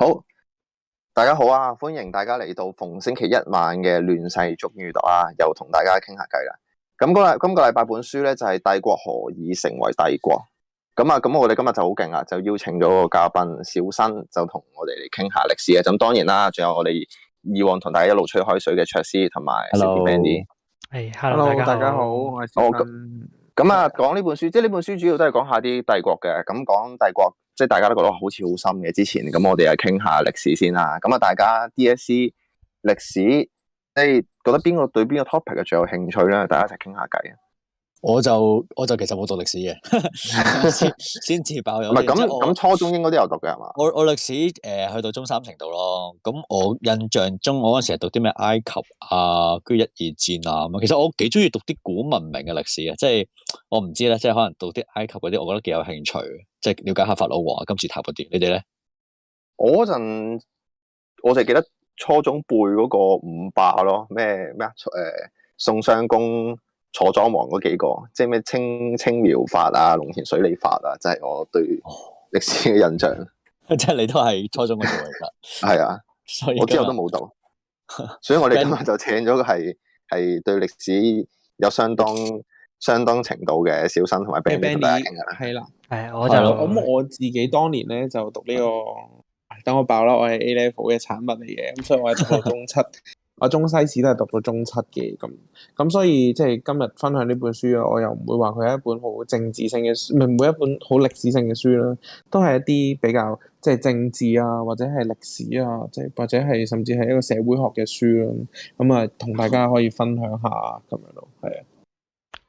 好，大家好啊！歡迎大家嚟到逢星期一晚嘅亂世中閱讀啊，又同大家傾下偈啦。咁今日今個禮拜本書咧就係、是、帝國何以成為帝國。咁啊，咁我哋今日就好勁啊，就邀請咗個嘉賓小新，就同我哋嚟傾下歷史啊。咁當然啦，仲有我哋以往同大家一路吹開水嘅卓師同埋。Hello。誒，Hello，大家好，我係小新。咁啊，哦，講呢本書，即係呢本書主要都係講下啲帝國嘅。咁講帝國。即係大家都覺得好似好深嘅，之前咁我哋又傾下歷史先啦。咁啊，大家 DSE 歷史，誒、哎、覺得邊個對邊個 topic 嘅最有興趣咧？大家一齊傾下偈。我就我就其實冇讀歷史嘅，先 至爆有。咁咁 初中應該都有讀嘅係嘛？我我歷史誒、呃、去到中三程度咯。咁、嗯、我印象中我嗰陣時係讀啲咩埃及啊，跟住一二戰啊。其實我幾中意讀啲古文明嘅歷史啊，即係我唔知咧，即係可能讀啲埃及嗰啲，我覺得幾有興趣，即係了解下法老王啊、金字塔嗰啲。你哋咧？我嗰陣我就記得初中背嗰個五霸咯，咩咩啊？誒、呃，宋襄公、坐莊王嗰幾個，即係咩青青苗法啊、龍田水利法啊，即係我對歷史嘅印象。哦、即係你都係初中嘅嚟噶，係 啊所，所以我之後都冇讀，所以我哋今日就請咗個係係弁對歷史有相當相當程度嘅小生同埋 bandy 嘅啦。係啊，我就諗 我自己當年咧就讀呢、這個，等我爆啦，我係 A level 嘅產物嚟嘅，咁所以我係中七。 我中西史都係讀到中七嘅，咁咁所以即係今日分享呢本書啊，我又唔會話佢係一本好政治性嘅書，唔係每一本好歷史性嘅書啦，都係一啲比較，即係政治啊，或者係歷史啊，即係或者係甚至係一個社會學嘅書啦。咁啊，同大家可以分享下咁樣咯，係啊。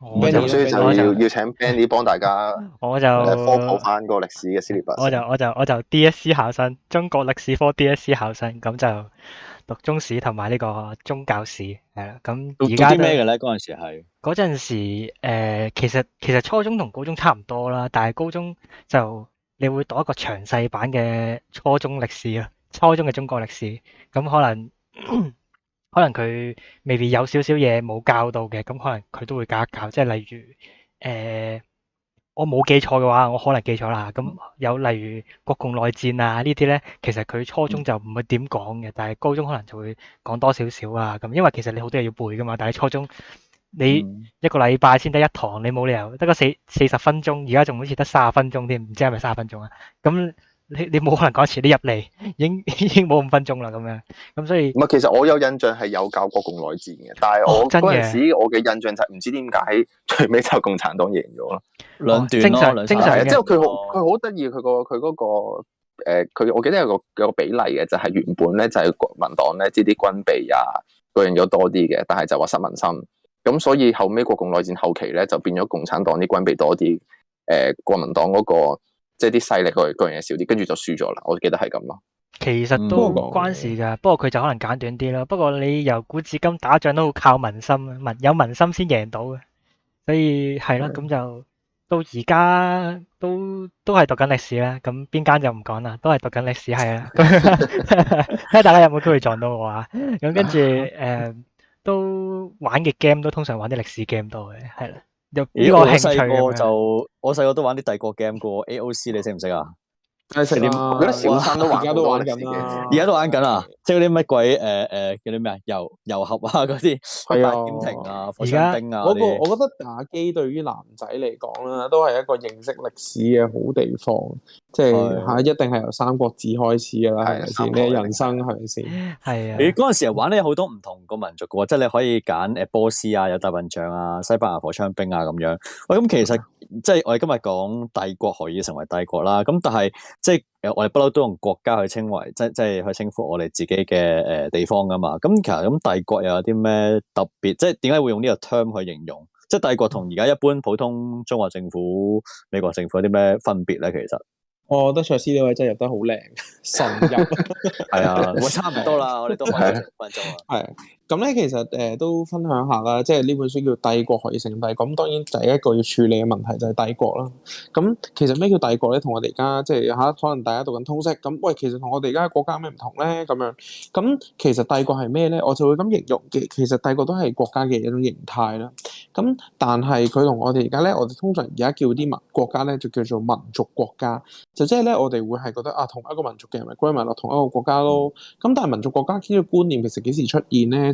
咁所以就要就要請 Bandy 幫大家，我就科普翻嗰個歷史嘅史列巴。我就我就我就 D.S.C 考生，中國歷史科 D.S.C 考生咁就。讀中史同埋呢個宗教史，係啦。咁而家咩嘅咧？嗰陣時係嗰陣時，誒、呃，其實其實初中同高中差唔多啦，但係高中就你會讀一個詳細版嘅初中歷史啊，初中嘅中國歷史。咁可能、嗯、可能佢未必有少少嘢，冇教到嘅，咁可能佢都會教一教，即係例如誒。呃我冇記錯嘅話，我可能記錯啦。咁有例如國共內戰啊呢啲咧，其實佢初中就唔會點講嘅，但係高中可能就會講多少少啊咁。因為其實你好多嘢要背噶嘛，但係初中你一個禮拜先得一堂，你冇理由得個四四十分鐘，而家仲好似得三十分鐘添，唔知係咪三十分鐘啊？咁你你冇可能講遲啲入嚟，已經已經冇五分鐘啦咁樣，咁所以唔係，其實我有印象係有搞國共內戰嘅，但係我嗰陣、哦、時我嘅印象就唔知點解最尾就共產黨贏咗咯，兩段正常正常，即係佢佢好得意佢個佢個誒，佢、呃、我記得有個個比例嘅就係、是、原本咧就係、是、國民黨咧即啲軍備啊，個人有多啲嘅，但係就話失民心，咁所以後尾，國共內戰後期咧就變咗共產黨啲軍備多啲，誒、呃、國民黨嗰、那個。即係啲勢力個個樣嘢少啲，跟住就輸咗啦。我記得係咁咯。其實都關事㗎，不過佢就可能簡短啲啦。不過你由古至今打仗都好靠民心啊，民有民心先贏到嘅。所以係啦，咁的就到而家都都係讀緊歷史啦。咁邊間就唔講啦，都係讀緊歷史係啊。睇下 大家有冇機會撞到我啊？咁跟住誒都玩嘅 game 都通常玩啲歷史 game 多嘅，係啦。依個我細個、欸、就，我細個都玩啲帝國 game 過 AOC 你識唔識啊？識啊！我覺得小生都玩家都玩緊，而家都玩緊啊！即係嗰啲乜鬼誒誒，啲咩啊，遊遊俠啊嗰啲，八點停啊，火槍兵啊。個我覺得打機對於男仔嚟講啦，都係一個認識歷史嘅好地方。即係吓，一定係由三國志開始噶啦，先呢人生向咪係啊，你嗰陣時玩咧有好多唔同個民族噶喎，即係你可以揀誒波斯啊，有大笨象啊，西班牙火槍兵啊咁樣。喂，咁其實即係我哋今日講帝國可以成為帝國啦。咁但係即係我哋不嬲都用國家去稱為，即係即係去稱呼我哋自己嘅誒地方噶嘛。咁其實咁帝國又有啲咩特別？即係點解會用呢個 term 去形容？即係帝國同而家一般普通中國政府、美國政府有啲咩分別咧？其實？我覺得卓斯呢位真係入得好靚，神入係 啊，我 差唔多啦，我哋都快分鐘啦、 啊。咁咧，其實誒、呃、都分享下啦，即係呢本書叫《帝國可以成帝》，咁當然第一個要處理嘅問題就係帝國啦。咁、嗯、其實咩叫帝國咧？同我哋而家即係嚇，可能大家讀緊通識，咁、嗯、喂，其實同我哋而家國家咩唔同咧？咁樣咁、嗯、其實帝國係咩咧？我就會咁形容嘅。其實帝國都係國家嘅一種形態啦。咁、嗯、但係佢同我哋而家咧，我哋通常而家叫啲民國家咧，就叫做民族國家，就即係咧，我哋會係覺得啊，同一個民族嘅人咪歸埋落同一個國家咯。咁但係民族國家呢個觀念其實幾時出現咧？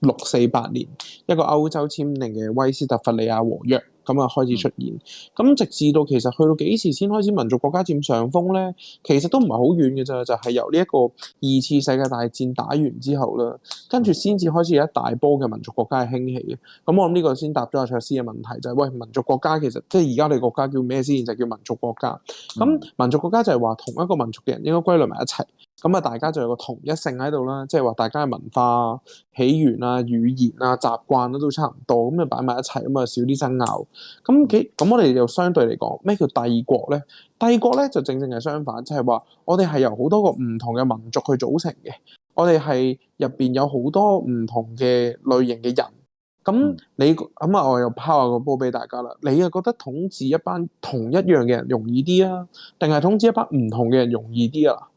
六四八年，一個歐洲簽訂嘅威斯特伐利亞和約，咁啊開始出現。咁、嗯、直至到其實去到幾時先開始民族國家佔上風咧？其實都唔係好遠嘅啫，就係、是、由呢一個二次世界大戰打完之後啦，跟住先至開始有一大波嘅民族國家係興起嘅。咁、嗯、我諗呢個先答咗阿卓斯嘅問題就係、是：喂，民族國家其實即係而家你國家叫咩先？就叫民族國家。咁民族國家就係話同一個民族嘅人應該歸類埋一齊，咁啊大家就有個同一性喺度啦，即係話大家嘅文化起源啊。啊，語言啊，習慣都、啊、都差唔多，咁啊擺埋一齊，咁啊少啲爭拗。咁幾咁，我哋就相對嚟講咩叫帝國咧？帝國咧就正正係相反，即係話我哋係由好多個唔同嘅民族去組成嘅。我哋係入邊有好多唔同嘅類型嘅人。咁你咁啊，嗯、我又拋下個波俾大家啦。你又覺得統治一班同一樣嘅人容易啲啊？定係統治一班唔同嘅人容易啲啊？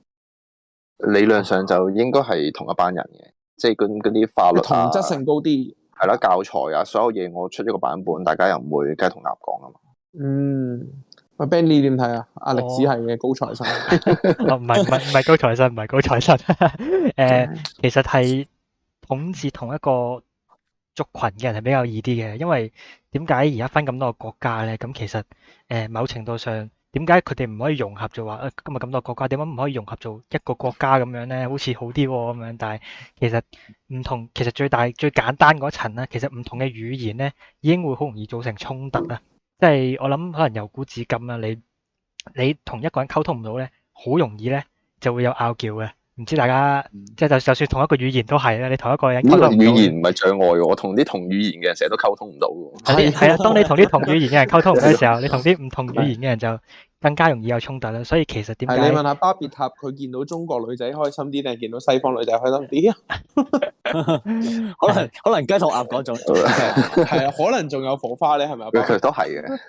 理論上就應該係同一班人嘅。即係嗰啲法律啊，同質、嗯、性高啲。係啦，教材啊，所有嘢我出咗個版本，大家又唔會雞同鴨講啊嘛。嗯，阿 Benny 點睇啊？阿歷、哦、史系嘅高材生。 哦，唔係唔係唔係高材生，唔係高材生。誒、 呃，其實係統治同一個族群嘅人係比較易啲嘅，因為點解而家分咁多個國家咧？咁其實誒、呃，某程度上。點解佢哋唔可以融合做話？誒今日咁多國家，點解唔可以融合做一個國家咁樣咧？好似好啲喎咁樣，但係其實唔同，其實最大最簡單嗰層咧，其實唔同嘅語言咧，已經會好容易造成衝突啦。即係我諗，可能由古至今啦，你你同一個人溝通唔到咧，好容易咧就會有拗撬嘅。唔知大家即係就就算同一個語言都係啦，你同一個人可能語言唔係障礙嘅，我同啲同語言嘅人成日都溝通唔到嘅。係啊，當你同啲同語言嘅人溝通唔到嘅時候，你同啲唔同語言嘅人就更加容易有衝突啦。所以其實點解？你問下巴別塔，佢見到中國女仔開心啲定係見到西方女仔開心啲啊？ 可能可能雞同鴨講咗，係啊， 可能仲有火花咧，係咪？其實都係嘅，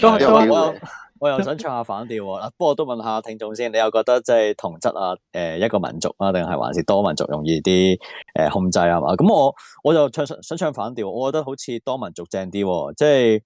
都係都係。我又想唱下反調啦，不過我都問下聽眾先，你又覺得即係同質啊？誒，一個民族啊，定係還是多民族容易啲誒控制啊？嘛，咁我我就唱想唱反調，我覺得好似多民族正啲，即係誒、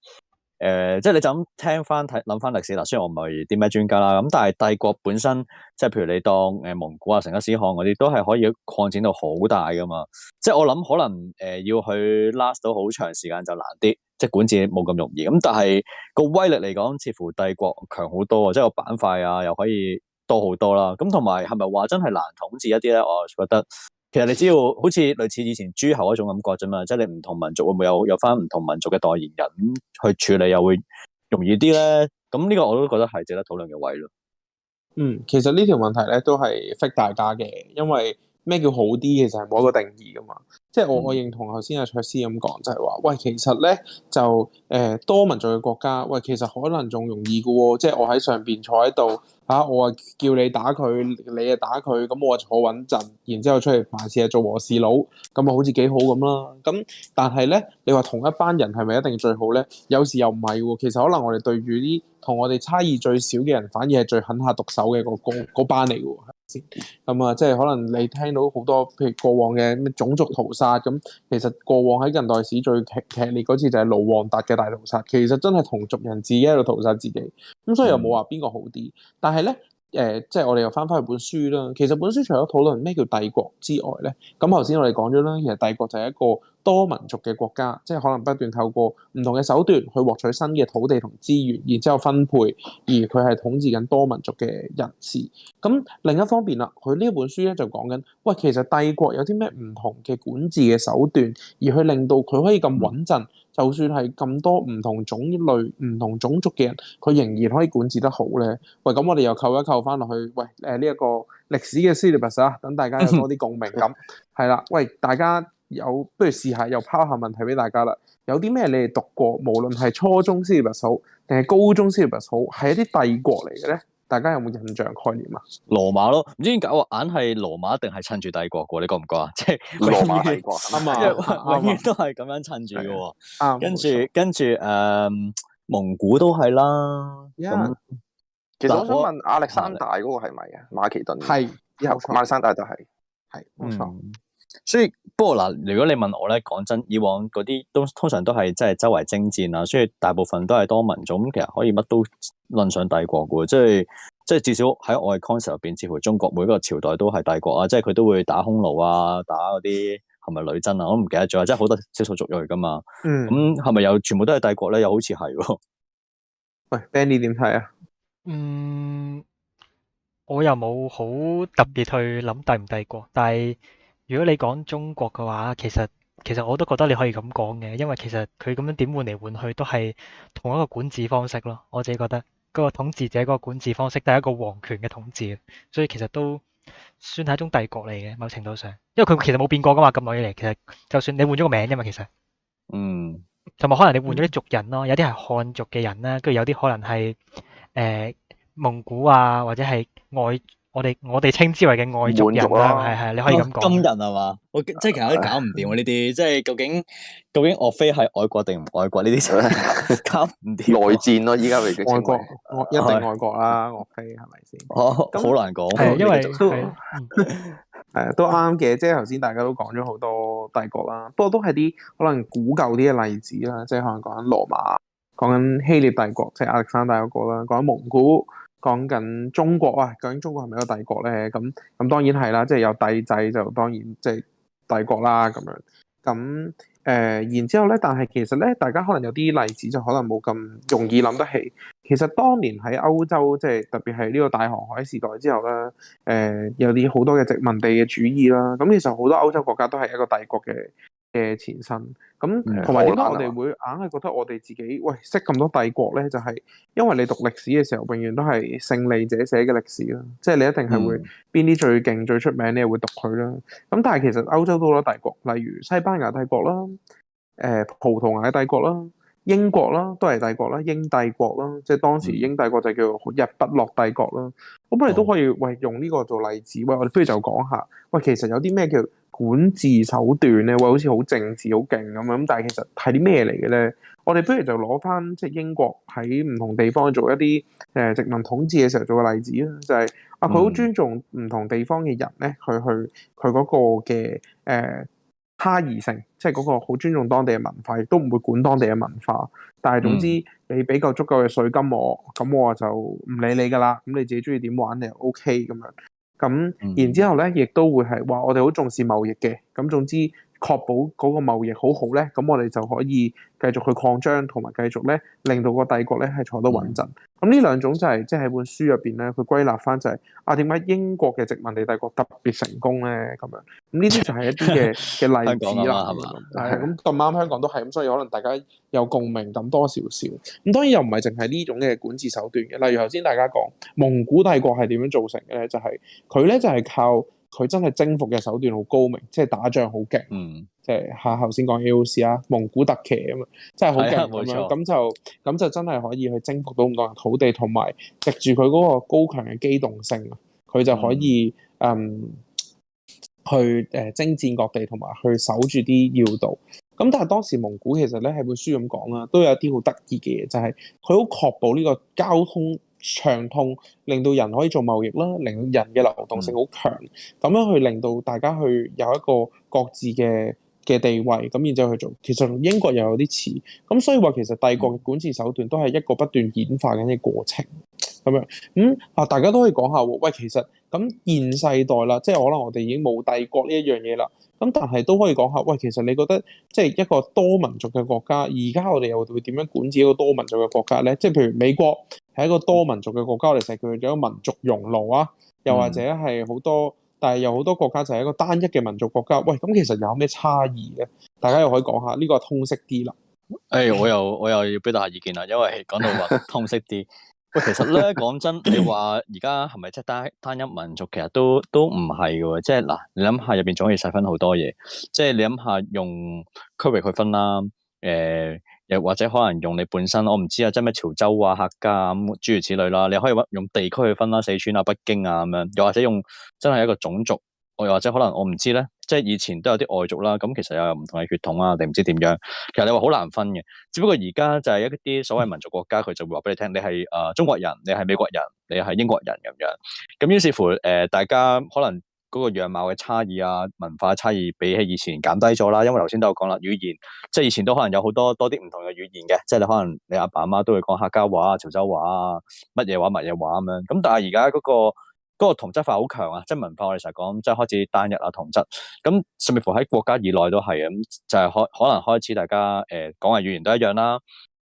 呃，即係你就咁聽翻睇諗翻歷史啦。雖然我唔係啲咩專家啦，咁但係帝國本身即係譬如你當誒蒙古啊、成吉思汗嗰啲，都係可以擴展到好大㗎嘛。即係我諗可能誒、呃、要去 last 到好長時間就難啲。即管治冇咁容易，咁但係個威力嚟講，似乎帝國強好多啊！即係個板塊啊，又可以多好多啦。咁同埋係咪話真係難統治一啲咧？我覺得其實你只要好似類似以前諸侯嗰種感覺啫嘛，即係你唔同民族會唔會有有翻唔同民族嘅代言人去處理，又會容易啲咧？咁呢個我都覺得係值得討論嘅位咯。嗯，其實呢條問題咧都係 fit 大家嘅，因為咩叫好啲？其實係冇一個定義噶嘛。嗯、即係我我認同頭先阿卓師咁講，就係、是、話喂，其實咧就誒、呃、多民族嘅國家，喂其實可能仲容易嘅、哦，即係我喺上邊坐喺度，吓、啊、我話叫你打佢，你啊打佢，咁、嗯、我就坐穩陣，然之後出嚟凡事係做和事佬，咁啊好似幾好咁啦。咁、嗯嗯嗯、但係咧，你話同一班人係咪一定最好咧？有時又唔係，其實可能我哋對住啲同我哋差異最少嘅人，反而係最狠下毒手嘅嗰、那個嗰班嚟嘅。咁啊、嗯，即係可能你聽到好多，譬如過往嘅咩種族屠殺咁、嗯，其實過往喺近代史最劇烈嗰次就係盧旺達嘅大屠殺，其實真係同族人自己喺度屠殺自己，咁、嗯、所以又冇話邊個好啲，但係咧。誒、呃，即係我哋又翻翻去本書啦。其實本書除咗討論咩叫帝國之外咧，咁頭先我哋講咗啦，其實帝國就係一個多民族嘅國家，即係可能不斷透過唔同嘅手段去獲取新嘅土地同資源，然之後分配，而佢係統治緊多民族嘅人士。咁另一方面啦，佢呢一本書咧就講緊，喂，其實帝國有啲咩唔同嘅管治嘅手段，而去令到佢可以咁穩陣。就算係咁多唔同種類、唔同種族嘅人，佢仍然可以管治得好咧。喂，咁我哋又扣一扣翻落去。喂，誒呢一個歷史嘅 syllabus 啊，等大家有多啲共鳴咁。係啦， 喂，大家有不如試下又拋下問題俾大家啦。有啲咩你哋讀過，無論係初中 syllabus 定係高中 syllabus 好，係一啲帝國嚟嘅咧？大家有冇印象概念啊？羅馬咯，唔知點解我硬係羅馬一定係襯住帝國嘅，你覺唔覺啊？即係羅馬帝國啱啊，永遠都係咁樣襯住嘅。跟住跟住，誒，蒙古都係啦。咁，其實，我想問亞歷山大嗰個係咪啊？馬其頓，係，亞歷山大都係，係冇錯。所以不過嗱，如果你問我咧，講真，以往嗰啲都通常都係即係周圍征戰啊，所以大部分都係多民族咁，其實可以乜都論上帝國嘅，即係即係至少喺我嘅 con 入邊，似乎中國每個朝代都係帝國啊，即係佢都會打匈奴啊，打嗰啲係咪女真啊，我唔記得咗，即係好多少數族裔噶嘛，咁係咪又全部都係帝國咧？又好似係，喂，Benny 點睇啊？嗯，我又冇好特別去諗帝唔帝國，但係。如果你講中國嘅話，其實其實我都覺得你可以咁講嘅，因為其實佢咁樣點換嚟換去都係同一個管治方式咯。我自己覺得嗰個統治者嗰個管治方式都係一個皇權嘅統治，所以其實都算係一種帝國嚟嘅，某程度上。因為佢其實冇變過噶嘛，咁耐以嚟，其實就算你換咗個名啫嘛，其實嗯，同埋可能你換咗啲族人咯，嗯、有啲係漢族嘅人啦，跟住有啲可能係誒、呃、蒙古啊或者係外。我哋我哋稱之為嘅外族人啦，係係，你可以咁講。今日係嘛？我即係其實都搞唔掂呢啲，即係究竟究竟岳飛係愛國定唔外國呢啲就搞唔掂。內戰咯，依家未外國一定外國啦，岳飛係咪先？好難講，因為都係啊，都啱嘅。即係頭先大家都講咗好多帝國啦，不過都係啲可能古舊啲嘅例子啦。即係可能講緊羅馬，講緊希臘帝國，即係亞歷山大嗰個啦，講緊蒙古。講緊中國啊，究竟中國係咪一個帝國咧？咁、嗯、咁、嗯、當然係啦，即係有帝制就當然即係帝國啦咁樣。咁、嗯、誒、呃，然之後咧，但係其實咧，大家可能有啲例子就可能冇咁容易諗得起。其實當年喺歐洲，即係特別係呢個大航海時代之後咧，誒、呃，有啲好多嘅殖民地嘅主義啦。咁、嗯、其實好多歐洲國家都係一個帝國嘅。嘅前身咁，同埋點解我哋會硬係覺得我哋自己喂識咁多帝國咧，就係、是、因為你讀歷史嘅時候，永遠都係勝利者寫嘅歷史啦，即係你一定係會邊啲、嗯、最勁、最出名，你就會讀佢啦。咁但係其實歐洲都好多帝國，例如西班牙帝國啦，誒葡萄牙帝國啦。英國啦，都係帝國啦，英帝國啦，即係當時英帝國就叫日不落帝國啦。我本嚟都可以喂用呢個做例子，喂我哋不如就講下，喂其實有啲咩叫管治手段咧？喂好似好政治好勁咁啊！咁但係其實係啲咩嚟嘅咧？我哋不如就攞翻即係英國喺唔同地方做一啲誒殖民統治嘅時候做個例子啦，就係、係、啊佢好尊重唔同地方嘅人咧，佢去佢嗰個嘅誒。呃差異性，即係嗰個好尊重當地嘅文化，亦都唔會管當地嘅文化。但係總之，你俾夠足夠嘅稅金我，咁我就唔理你噶啦。咁你自己中意點玩，你就 OK 咁樣。咁然之後咧，亦都會係話，我哋好重視貿易嘅。咁總之。確保嗰個貿易好好咧，咁我哋就可以繼續去擴張，同埋繼續咧令到個帝國咧係坐得穩陣。咁呢、嗯、兩種就係即係本書入邊咧，佢歸納翻就係、是、啊點解英國嘅殖民地帝國特別成功咧？咁樣，咁呢啲就係一啲嘅嘅例子啦，係咁，咁啱，香港都係咁，所以可能大家有共鳴感多少少。咁當然又唔係淨係呢種嘅管治手段嘅，例如頭先大家講蒙古帝國係點樣造成嘅咧？就係佢咧就係、是、靠。佢真係征服嘅手段好高明，即係打仗好勁，嗯、即係下頭先講 AOC 啦，OC，蒙古特騎咁嘛，真係好勁咁樣，咁就咁就真係可以去征服到咁多人土地，同埋藉住佢嗰個高強嘅機動性，佢就可以嗯，嗯去誒征戰各地，同埋去守住啲要道。咁但係當時蒙古其實咧係本書咁講啦，都有啲好得意嘅嘢，就係佢好確保呢個交通。暢通令到人可以做貿易啦，令人嘅流動性好強，咁樣去令到大家去有一個各自嘅嘅地位，咁然之後去做。其實同英國又有啲似，咁所以話其實帝國嘅管治手段都係一個不斷演化緊嘅過程，咁樣咁啊、嗯，大家都可以講下喎。喂，其實咁現世代啦，即係可能我哋已經冇帝國呢一樣嘢啦。咁但係都可以講下，喂，其實你覺得即係一個多民族嘅國家，而家我哋又會點樣管治一個多民族嘅國家咧？即係譬如美國係一個多民族嘅國家，我哋成日叫做民族熔爐啊，又或者係好多，但係有好多國家就係一個單一嘅民族國家。喂，咁其實有咩差異咧？大家又可以講下呢個通識啲啦。誒，我又我又要俾大家意見啦，因為講到話通識啲。 其實咧講真，你話而家係咪即係單單一民族，其實都都唔係嘅，即係嗱，你諗下入邊仲可以細分好多嘢，即係你諗下用區域去分啦，誒、呃，又或者可能用你本身，我唔知啊，即係咩潮州啊、客家咁、啊、諸如此類啦、啊，你可以用地區去分啦，四川啊、北京啊咁樣，又或者用真係一個種族，我又或者可能我唔知咧。即係以前都有啲外族啦，咁其實又有唔同嘅血統啊，定唔知點樣？其實你話好難分嘅，只不過而家就係一啲所謂民族國家，佢就會話俾你聽，你係誒中國人，你係美國人，你係英國人咁樣。咁於是乎誒、呃，大家可能嗰個樣貌嘅差異啊，文化差異比起以前減低咗啦，因為頭先都有講啦，語言即係以前都可能有好多多啲唔同嘅語言嘅，即係你可能你阿爸阿媽都會講客家話、潮州話啊，乜嘢話乜嘢話咁樣。咁但係而家嗰個。嗰個同質化好強啊！即係文化，我哋成日講，即係開始單一啊，同質。咁甚至乎喺國家以內都係咁，就係可可能開始大家誒、呃、講嘅語言都一樣啦。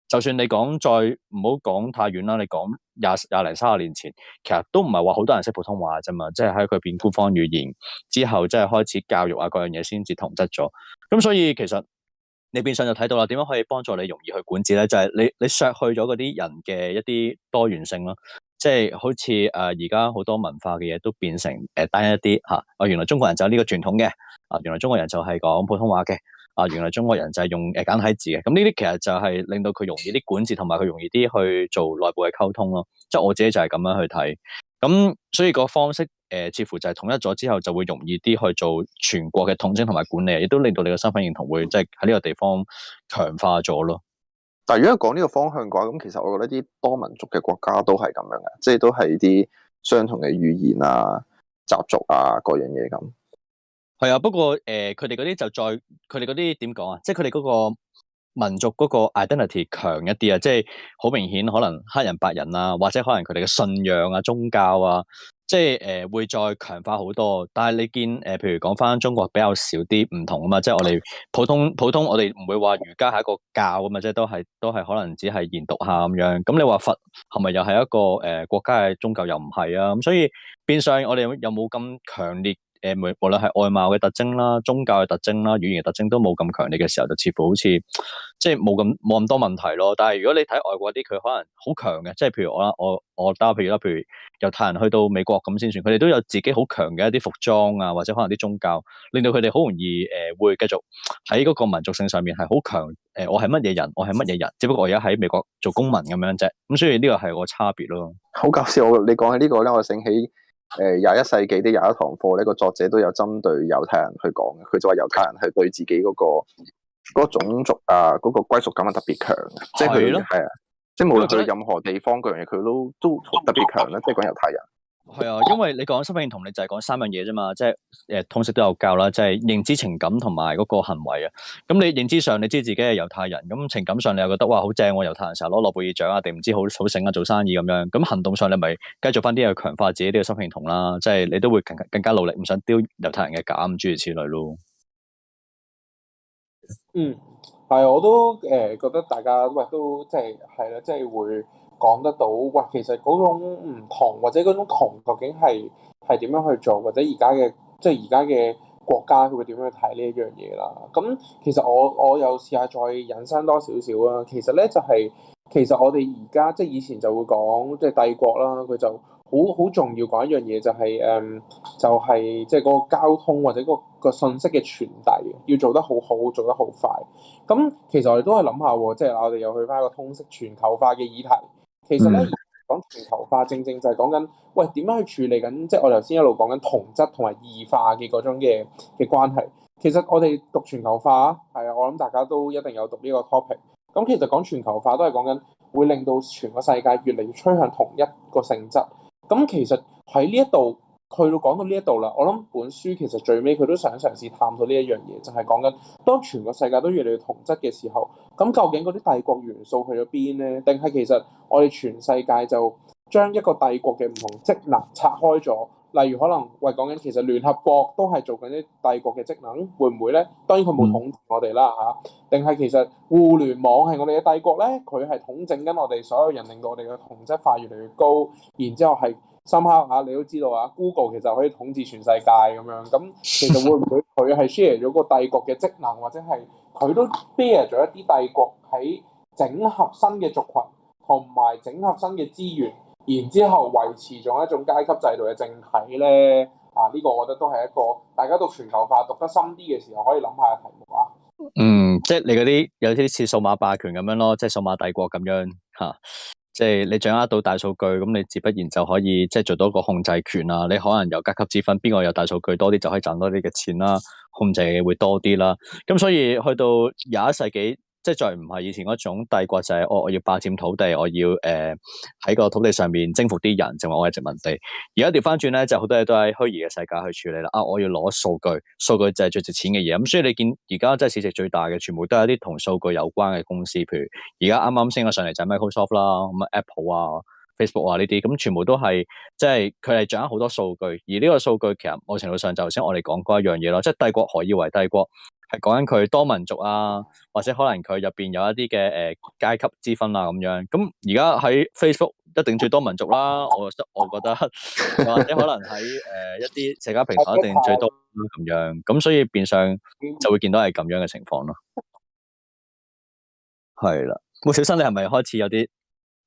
就算你講再唔好講太遠啦，你講廿廿零卅年前，其實都唔係話好多人識普通話啫嘛。即係喺佢變官方語言之後，即係開始教育啊嗰樣嘢先至同質咗。咁所以其實。你變相就睇到啦，點樣可以幫助你容易去管治咧？就係、是、你你削去咗嗰啲人嘅一啲多元性咯、啊，即係好似誒而家好多文化嘅嘢都變成誒、呃、單一啲嚇。哦，原來中國人就係呢個傳統嘅，啊，原來中國人就係講普通話嘅，啊，原來中國人就係、啊、用誒簡體字嘅。咁呢啲其實就係令到佢容易啲管治，同埋佢容易啲去做內部嘅溝通咯、啊。即係我自己就係咁樣去睇，咁、嗯、所以個方式。誒、呃，似乎就係統一咗之後，就會容易啲去做全國嘅統徵同埋管理，亦都令到你嘅身份認同會即係喺呢個地方強化咗咯。但係如果講呢個方向嘅話，咁其實我覺得啲多民族嘅國家都係咁樣嘅，即係都係啲相同嘅語言啊、習俗啊各樣嘢咁。係啊，不過誒，佢哋嗰啲就再，佢哋嗰啲點講啊？即係佢哋嗰個民族嗰個 identity 強一啲啊，即係好明顯可能黑人、白人啊，或者可能佢哋嘅信仰啊、宗教啊。即係誒、呃，會再強化好多，但係你見誒、呃，譬如講翻中國比較少啲唔同啊嘛，即係我哋普通普通，普通我哋唔會話儒家係一個教啊嘛，即係都係都係可能只係研讀下咁樣。咁、嗯、你話佛係咪又係一個誒、呃、國家嘅宗教又唔係啊？咁所以變相我哋有冇咁強烈？誒，無無論係外貌嘅特徵啦、宗教嘅特徵啦、語言嘅特徵都冇咁強烈嘅時候，就似乎好似即係冇咁冇咁多問題咯。但係如果你睇外國啲，佢可能好強嘅，即係譬如我啦，我我打譬如啦，譬如猶太人去到美國咁先算，佢哋都有自己好強嘅一啲服裝啊，或者可能啲宗教，令到佢哋好容易誒、呃、會繼續喺嗰個民族性上面係好強。誒、呃，我係乜嘢人？我係乜嘢人？只不過我而家喺美國做公民咁樣啫。咁、嗯、所以呢個係個差別咯。好搞笑！你講起呢個咧，我醒起。誒，廿一世紀啲廿一堂課呢、呢個作者都有針對猶太人去講嘅。佢就話猶太人係對自己嗰個嗰個種族啊，嗰個歸屬感係特別強，即係佢係啊，即係無論去任何地方樣嘢，佢都都特別強啦。即係講猶太人。係啊，因為你講身份認同，你就係講三樣嘢啫嘛，即係誒，通識都有教啦，即係認知、情感同埋嗰個行為啊。咁你認知上，你知自己係猶太人，咁情感上，你又覺得哇，好正喎，猶太人成日攞諾貝爾獎啊，定唔知好好醒啊，做生意咁樣。咁行動上，你咪繼續翻啲嘢強化自己呢個身份認同啦。即係你都會更加努力，唔想丟猶太人嘅假咁諸如此類咯。嗯，係，我都誒、呃、覺得大家喂都即係係啦，即係、就是、會。講得到，喂！其實嗰種唔同或者嗰種窮，究竟係係點樣去做？或者而家嘅即係而家嘅國家，佢會點樣去睇呢一樣嘢啦？咁其實我我又試下再引申多少少啊。其實咧就係、是、其實我哋而家即係以前就會講即係帝國啦，佢就好好重要講一樣嘢，就係、是、誒、嗯、就係即係嗰個交通或者嗰、嗰個嗰個信息嘅傳遞，要做得好好，做得好快。咁、嗯、其實我哋都係諗下喎，即係我哋又去翻一個通識全球化嘅議題。其實咧講全球化，正正就係講緊，喂，點樣去處理緊，即係我頭先一路講緊同質同埋異化嘅嗰種嘅嘅關係。其實我哋讀全球化，係啊，我諗大家都一定有讀呢個 topic。咁其實講全球化都係講緊會令到全個世界越嚟越趨向同一個性質。咁其實喺呢一度。去到講到呢一度啦，我諗本書其實最尾佢都想嘗試探討呢一樣嘢，就係講緊當全個世界都越嚟越同質嘅時候，咁究竟嗰啲帝國元素去咗邊呢？定係其實我哋全世界就將一個帝國嘅唔同職能拆開咗？例如可能喂，講緊其實聯合國都係做緊啲帝國嘅職能，會唔會呢？當然佢冇統治我哋啦吓，定、啊、係其實互聯網係我哋嘅帝國呢？佢係統整緊我哋所有人，令到我哋嘅同質化越嚟越高，然之後係。深刻嚇、啊，你都知道啊！Google 其實可以統治全世界咁樣，咁其實會唔會佢係 share 咗個帝國嘅職能，或者係佢都 bear 咗一啲帝國喺整合新嘅族群同埋整合新嘅資源，然之後維持咗一種階級制度嘅政體咧？啊，呢、這個我覺得都係一個大家讀全球化讀得深啲嘅時候可以諗下嘅題目啊！嗯，即係你嗰啲有啲似數碼霸權咁樣咯，即係數碼帝國咁樣嚇。啊即係你掌握到大數據，咁你自不然就可以即係做到個控制權啊。你可能有階級之分，邊個有大數據多啲，就可以賺多啲嘅錢啦，控制會多啲啦。咁所以去到廿一世紀。即係再唔係以前嗰種帝國，就係、是、我、哦、我要霸佔土地，我要誒喺、呃、個土地上面征服啲人，就話我係殖民地。而家掉翻轉咧，就好、是、多嘢都喺虛擬嘅世界去處理啦。啊，我要攞數據，數據就係最值錢嘅嘢。咁、嗯、所以你見而家真係市值最大嘅，全部都係一啲同數據有關嘅公司，譬如而家啱啱升咗上嚟就係、是、Microsoft 啦、嗯，咁 Apple 啊、Facebook 啊呢啲，咁全部都係即係佢係掌握好多數據。而呢個數據其實某程度上就頭先我哋講過一樣嘢咯，即係帝國何以為帝國。係講緊佢多民族啊，或者可能佢入邊有一啲嘅誒階級之分啊。咁樣。咁而家喺 Facebook 一定最多民族啦，我我覺得或者可能喺誒、呃、一啲社交平台一定最多咁、啊、樣。咁所以變相就會見到係咁樣嘅情況咯。係啦，冇小心你係咪開始有啲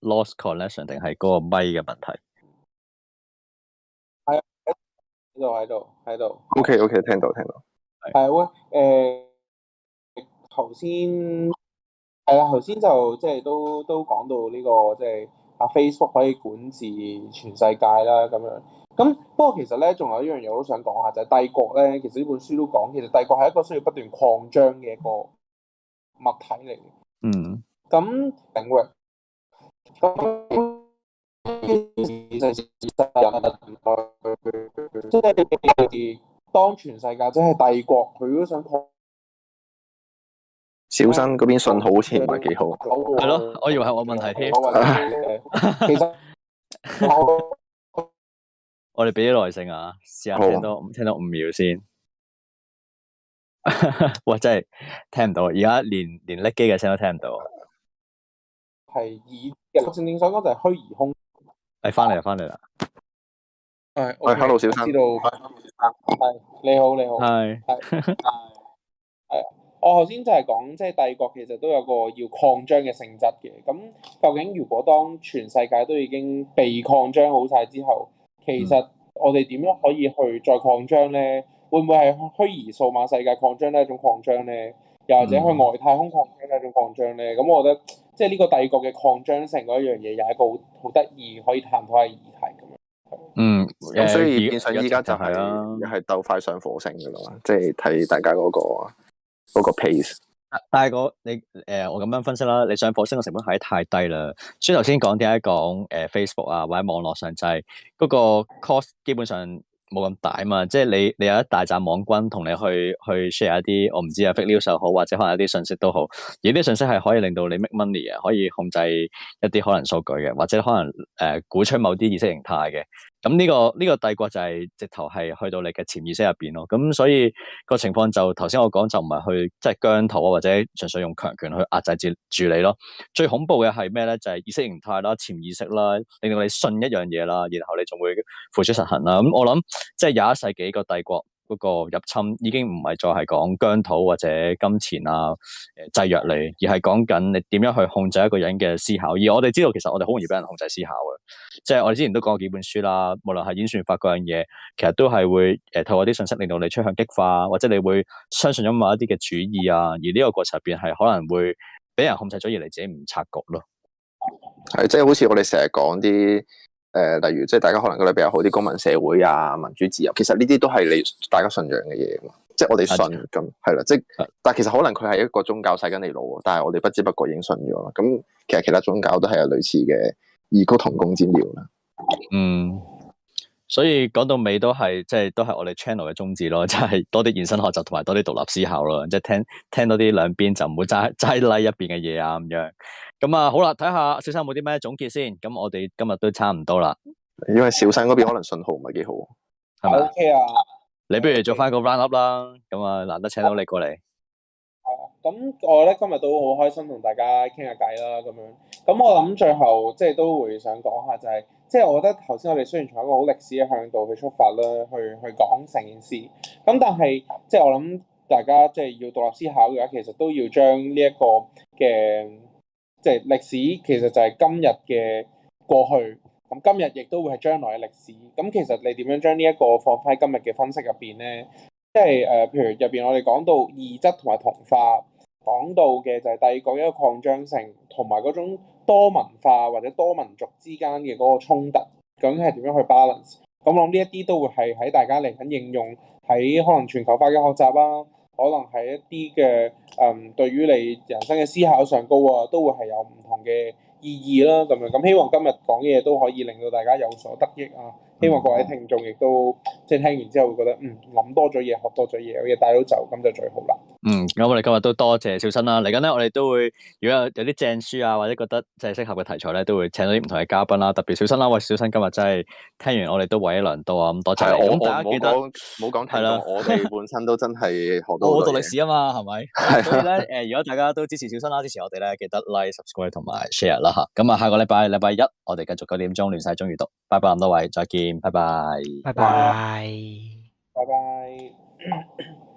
lost connection 定係嗰個咪嘅問題？喺度喺度喺度。OK OK，聽到聽到。係喂，誒，頭先係啦，頭先、欸、就即係都都講到呢、這個即係阿 Facebook 可以管治全世界啦咁樣。咁不過其實咧，仲有一樣嘢我都想講下，就係、是、帝國咧。其實呢本書都講，其實帝國係一個需要不斷擴張嘅一個物體嚟嘅。嗯。咁領域。即係當全世界真係帝國，佢都想破。小生嗰邊信號好似唔係幾好，係咯，我以為係我問題添。其實 我哋俾啲耐性啊，試下聽，聽到、啊、聽到五秒先。 哇！真係聽唔到，而家連連甩機嘅聲都聽唔到。係以我正正首歌就係虛擬空。哎，翻嚟，就翻嚟啦。係，我、 哎 okay, hello 小生知道。係你好，你好係係係，是 我頭先就係講，即係帝國其實都有個要擴張嘅性質嘅。咁究竟如果當全世界都已經被擴張好曬之後，其實我哋點樣可以去再擴張咧？會唔會係虛擬數碼世界擴張呢？一種擴張咧？又或者去外太空擴張呢？一種擴張咧？咁我覺得即係呢個帝國嘅擴張性嗰樣嘢，又係一個好好得意可以探討下。咁、嗯、所以變相依家就係又係鬥快上火星噶啦，即係睇大家嗰、嗰個、嗰個 pace。但係你誒、呃，我咁樣分析啦，你上火星嘅成本係太低啦。所以頭先講點解講誒 Facebook 啊，或者網絡上就係、是、嗰、嗰個 cost 基本上冇咁大啊嘛。即係你你有一大紮網軍同你去去 share 一啲，我唔知啊，fake news 又好，或者可能一啲信息都好。而啲信息係可以令到你 make money 啊，可以控制一啲可能數據嘅，或者可能誒、呃、鼓吹某啲意識形態嘅。咁呢個呢個帝國就係直頭係去到你嘅潛意識入邊咯，咁所以個情況就，就頭先我講就唔係去即係疆頭啊，或者純粹用強權去壓制住住你咯。最恐怖嘅係咩咧？就係、是、意識形態啦、潛意識啦，令到你信一樣嘢啦，然後你仲會付諸實行啦。咁我諗即係廿一世紀個帝國。嗰個入侵已經唔係再係講疆土或者金錢啊，誒制約你，而係講緊你點樣去控制一個人嘅思考。而我哋知道其實我哋好容易俾人控制思考嘅，即係我哋之前都講過幾本書啦。無論係演算法嗰樣嘢，其實都係會誒透過啲信息令到你出向激化，或者你會相信咗某一啲嘅主意啊。而呢個過程入邊係可能會俾人控制咗而你自己唔察覺咯。係即係好似我哋成日講啲。誒、呃，例如即係大家可能覺得比較好啲公民社會啊、民主自由，其實呢啲都係你大家信仰嘅嘢，即係我哋信咁係啦，即但係其實可能佢係一個宗教洗緊你腦，但係我哋不知不覺已經信咗啦。咁其實其他宗教都係有類似嘅異曲同工之妙啦。嗯。所以講到尾都係即係都係我哋 channel 嘅宗旨咯，即係多啲延伸學習同埋多啲獨立思考咯，即係聽聽多啲兩邊就唔會齋齋拉一邊嘅嘢啊，咁樣。咁啊好啦，睇下小生冇啲咩總結先。咁我哋今日都差唔多啦。因為小生嗰邊可能信號唔係幾好，係咪？O K 啊，你不如做翻個 round up 啦。咁啊，難得請到你過嚟。咁我咧今日都好開心同大家傾下偈啦，咁樣。咁我諗最後即係都會想講下就係即係我覺得頭先我哋雖然從一個好歷史嘅向度去出發啦，去去講成件事。咁但係即係我諗大家即係要獨立思考嘅話，其實都要將呢一個嘅即係歷史，其實就係今日嘅過去。咁今日亦都會係將來嘅歷史。咁其實你點樣將呢一個放返今日嘅分析入邊咧？即係誒、呃，譬如入邊我哋講到異質同埋同化，講到嘅就係第二個一個擴張性，同埋嗰種多文化或者多民族之間嘅嗰個衝突，究竟係點樣去 balance？咁我諗呢一啲都會係喺大家嚟緊應用喺可能全球化嘅學習啦、啊，可能係一啲嘅誒，對於你人生嘅思考上高啊，都會係有唔同嘅意義啦。咁樣咁希望今日講嘅嘢，都可以令到大家有所得益啊。希望各位聽眾亦都即聽完之後會覺得，嗯，諗多咗嘢學多咗嘢，有嘢帶到走，咁就最好啦。嗯，咁我哋今日都多謝小新啦。嚟緊咧，我哋都會如果有有啲正書啊，或者覺得即係適合嘅題材咧，都會請到啲唔同嘅嘉賓啦。特別小新啦、啊，喂，小新今日真係聽完我哋都圍咗輪到啊咁多，就大家記得我冇講冇講係啦。的我哋本身都真係學到好 讀歷史啊嘛，係咪？所以咧，誒，如果大家都支持小新啦、啊，支持我哋咧，記得 like、subscribe 同埋 share 啦吓。咁啊，下個禮拜禮拜一，我哋繼續九點鐘亂世中閱讀。拜拜，咁多位再見，再見拜拜，拜拜，拜拜。